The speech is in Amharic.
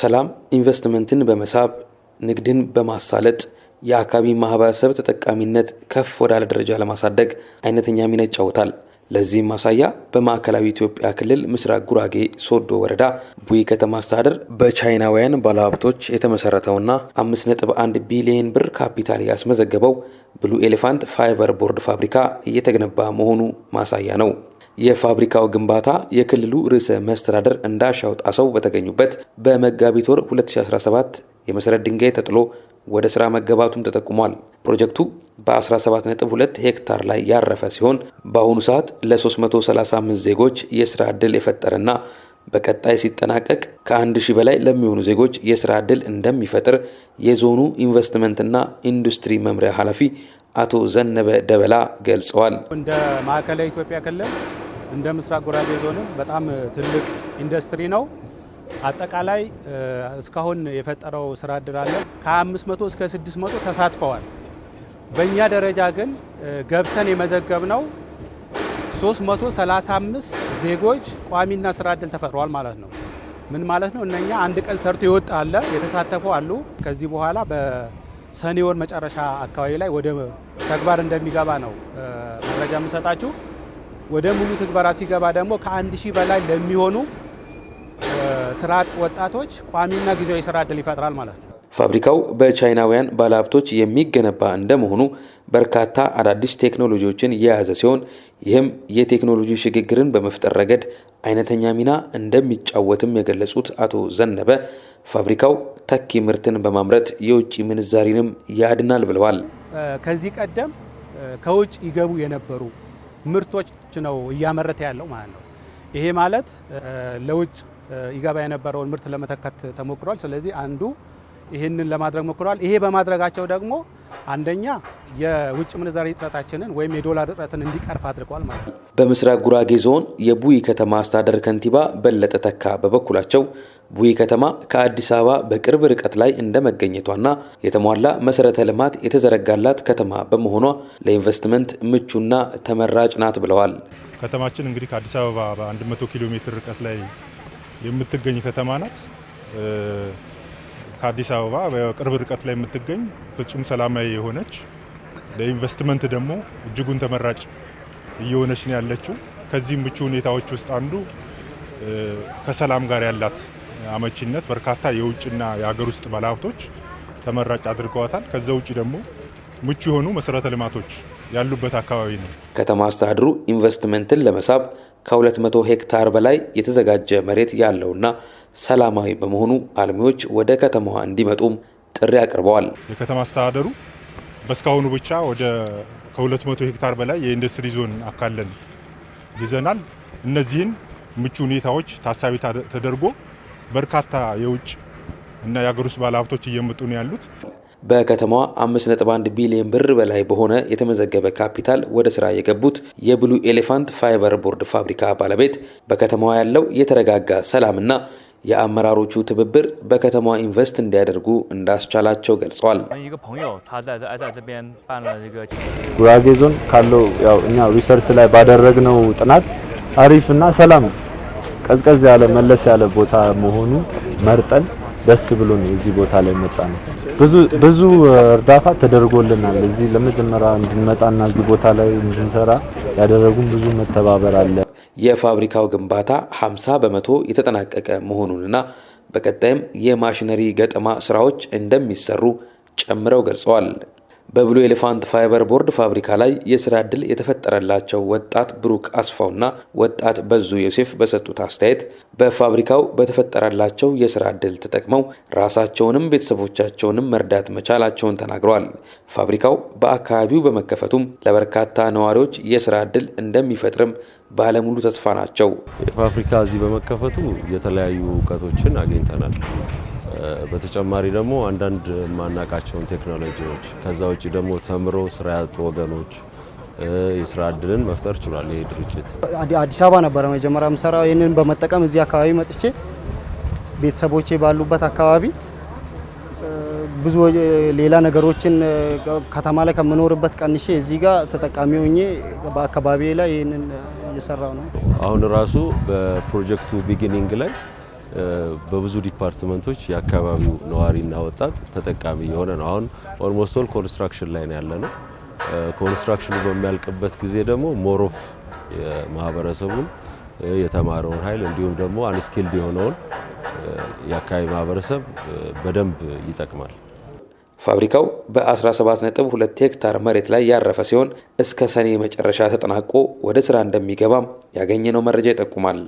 ሰላም ኢንቨስትመንትን በመሳብ ንግድን በማሳለጥ የአካባቢ ማህበረሰብ ተጠቃሚነት ከፍ ወዳለ ደረጃ ለማሳደግ አይነተኛ ሚና ይጫወታል። ለዚህም ማሳያ በማዕከላዊ ኢትዮጵያ ክልል ምስራቅ ጉራጌ ሶዶ ወረዳ ቡይ ከተማ አስተዳደር በቻይናውያን ባለሀብቶች የተመሰረተውና 5.1 ቢሊየን ብር ካፒታል ያስመዘገበው ብሉ ኤሌፋንት ፋይበር ቦርድ ፋብሪካ እየተገነባ መሆኑ ማሳያ ነው። የፋብሪካው ግንባታ የክልሉ ርዕሰ መስተዳደር እንዳሻው ጣሰው በተገኙበት በመጋቢት ወር 2017 የመሰረት ድንጋይ ተጥሎ ወደ ስራ መገባቱም ተጠቁሟል። ፕሮጀክቱ በ17.2 ሄክታር ላይ ያረፈ ሲሆን በአሁኑ ሰዓት ለ335 ዜጎች የስራ ዕድል የፈጠረና በቀጣይ ሲጠናቀቅ ከ1000 በላይ ለሚሆኑ ዜጎች የስራ ዕድል እንደሚፈጥር የዞኑ ኢንቨስትመንትና ኢንዱስትሪ መምሪያ ኃላፊ አቶ ዘነበ ደበላ ገልጸዋል። እንደ ማዕከላዊ ኢትዮጵያ ክልል እንደ ምስራቅ ጉራጌ ዞንም በጣም ትልቅ ኢንዱስትሪ ነው። አጠቃላይ እስካሁን የፈጠረው ስራ እድል አለ ከ500 እስከ 600 ተሳትፈዋል። በእኛ ደረጃ ግን ገብተን የመዘገብ ነው 335 ዜጎች ቋሚና ስራ እድል ተፈጥሯል ማለት ነው። ምን ማለት ነው? እነኛ አንድ ቀን ሰርቶ ይወጣ አለ የተሳተፉ አሉ። ከዚህ በኋላ በሰኔ ወር መጨረሻ አካባቢ ላይ ወደ ተግባር እንደሚገባ ነው መረጃ የምሰጣችሁ። ወደ ሙሉ ትግበራ ሲገባ ደግሞ ከአንድ ሺህ በላይ ለሚሆኑ ስራ ወጣቶች ቋሚና ጊዜያዊ ስራ እድል ይፈጥራል ማለት ነው። ፋብሪካው በቻይናውያን ባለሀብቶች የሚገነባ እንደመሆኑ በርካታ አዳዲስ ቴክኖሎጂዎችን የያዘ ሲሆን ይህም የቴክኖሎጂ ሽግግርን በመፍጠር ረገድ አይነተኛ ሚና እንደሚጫወትም የገለጹት አቶ ዘነበ ፋብሪካው ተኪ ምርትን በማምረት የውጭ ምንዛሪንም ያድናል ብለዋል። ከዚህ ቀደም ከውጭ ይገቡ የነበሩ ምርቶች ነው እያመረተ ያለው ማለት ነው። ይሄ ማለት ለውጭ ይገባ የነበረውን ምርት ለመተካት ተሞክሯል። ስለዚህ አንዱ ይህንን ለማድረግ ሞክሯል። ይሄ በማድረጋቸው ደግሞ አንደኛ የውጭ ምንዛሪ እጥረታችንን ወይም የዶላር እጥረትን እንዲቀርፍ አድርጓል ማለት ነው። በምስራቅ ጉራጌ ዞን የቡይ ከተማ አስተዳደር ከንቲባ በለጠ ተካ በበኩላቸው ቡይ ከተማ ከአዲስ አበባ በቅርብ ርቀት ላይ እንደመገኘቷና የተሟላ መሰረተ ልማት የተዘረጋላት ከተማ በመሆኗ ለኢንቨስትመንት ምቹና ተመራጭ ናት ብለዋል። ከተማችን እንግዲህ ከአዲስ አበባ በ100 ኪሎ ሜትር ርቀት ላይ የምትገኝ ከተማ ናት። ከአዲስ አበባ በቅርብ ርቀት ላይ የምትገኝ ፍጹም ሰላማዊ የሆነች ለኢንቨስትመንት ደግሞ እጅጉን ተመራጭ እየሆነች ነው ያለችው። ከዚህም ምቹ ሁኔታዎች ውስጥ አንዱ ከሰላም ጋር ያላት አመቺነት በርካታ የውጭና የሀገር ውስጥ ባለሀብቶች ተመራጭ አድርገዋታል። ከዛ ውጭ ደግሞ ምቹ የሆኑ መሰረተ ልማቶች ያሉበት አካባቢ ነው። ከተማ አስተዳድሩ ኢንቨስትመንትን ለመሳብ ከ200 ሄክታር በላይ የተዘጋጀ መሬት ያለውና ሰላማዊ በመሆኑ አልሚዎች ወደ ከተማዋ እንዲመጡም ጥሪ አቅርበዋል። የከተማ አስተዳደሩ በእስካሁኑ ብቻ ወደ ከ200 ሄክታር በላይ የኢንዱስትሪ ዞን አካለን ይዘናል። እነዚህን ምቹ ሁኔታዎች ታሳቢ ተደርጎ በርካታ የውጭ እና የሀገር ውስጥ ባለሀብቶች እየመጡ ነው ያሉት። በከተማዋ 5.1 ቢሊዮን ብር በላይ በሆነ የተመዘገበ ካፒታል ወደ ስራ የገቡት የብሉ ኤሌፋንት ፋይበር ቦርድ ፋብሪካ ባለቤት በከተማዋ ያለው የተረጋጋ ሰላምና የአመራሮቹ ትብብር በከተማዋ ኢንቨስት እንዲያደርጉ እንዳስቻላቸው ገልጸዋል። ጉራጌ ዞን ካለው ያው እኛ ሪሰርች ላይ ባደረግነው ጥናት አሪፍ እና ሰላም ቀዝቀዝ ያለ መለስ ያለ ቦታ መሆኑ መርጠን ደስ ብሎ ነው እዚህ ቦታ ላይ መጣ ነው። ብዙ ብዙ እርዳታ ተደርጎልናል። እዚህ ለመጀመሪያ እንድንመጣና እዚህ ቦታ ላይ እንድንሰራ ያደረጉን ብዙ መተባበር አለ። የፋብሪካው ግንባታ 50 በመቶ የተጠናቀቀ መሆኑንና በቀጣይም የማሽነሪ ገጠማ ስራዎች እንደሚሰሩ ጨምረው ገልጸዋል። በብሉ ኤሌፋንት ፋይበር ቦርድ ፋብሪካ ላይ የስራ ዕድል የተፈጠረላቸው ወጣት ብሩክ አስፋውና ወጣት በዙ ዮሴፍ በሰጡት አስተያየት በፋብሪካው በተፈጠረላቸው የስራ ዕድል ተጠቅመው ራሳቸውንም ቤተሰቦቻቸውንም መርዳት መቻላቸውን ተናግረዋል። ፋብሪካው በአካባቢው በመከፈቱም ለበርካታ ነዋሪዎች የስራ ዕድል እንደሚፈጥርም ባለሙሉ ተስፋ ናቸው። ፋብሪካ እዚህ በመከፈቱ የተለያዩ እውቀቶችን አግኝተናል። በተጨማሪ ደግሞ አንዳንድ የማናቃቸውን ቴክኖሎጂዎች ከዛ ውጭ ደግሞ ተምሮ ስራ ያጡ ወገኖች የስራ እድልን መፍጠር ችሏል። ይህ ድርጅት አዲስ አበባ ነበረ መጀመሪያ ምሰራው። ይህንን በመጠቀም እዚህ አካባቢ መጥቼ ቤተሰቦቼ ባሉበት አካባቢ ብዙ ሌላ ነገሮችን ከተማ ላይ ከምኖርበት ቀንሼ እዚህ ጋር ተጠቃሚ ሆኜ በአካባቢ ላይ ይህንን እየሰራው ነው። አሁን ራሱ በፕሮጀክቱ ቢግኒንግ ላይ በብዙ ዲፓርትመንቶች የአካባቢው ነዋሪና ወጣት ተጠቃሚ የሆነ ነው። አሁን ኦልሞስት ኦል ኮንስትራክሽን ላይ ነው ያለ ነው። ኮንስትራክሽኑ በሚያልቅበት ጊዜ ደግሞ ሞሮፍ ማህበረሰቡን የተማረውን ኃይል እንዲሁም ደግሞ አንስኪልድ የሆነውን የአካባቢ ማህበረሰብ በደንብ ይጠቅማል። ፋብሪካው በ17.2 ሄክታር መሬት ላይ ያረፈ ሲሆን እስከ ሰኔ መጨረሻ ተጠናቆ ወደ ስራ እንደሚገባም ያገኘነው መረጃ ይጠቁማል።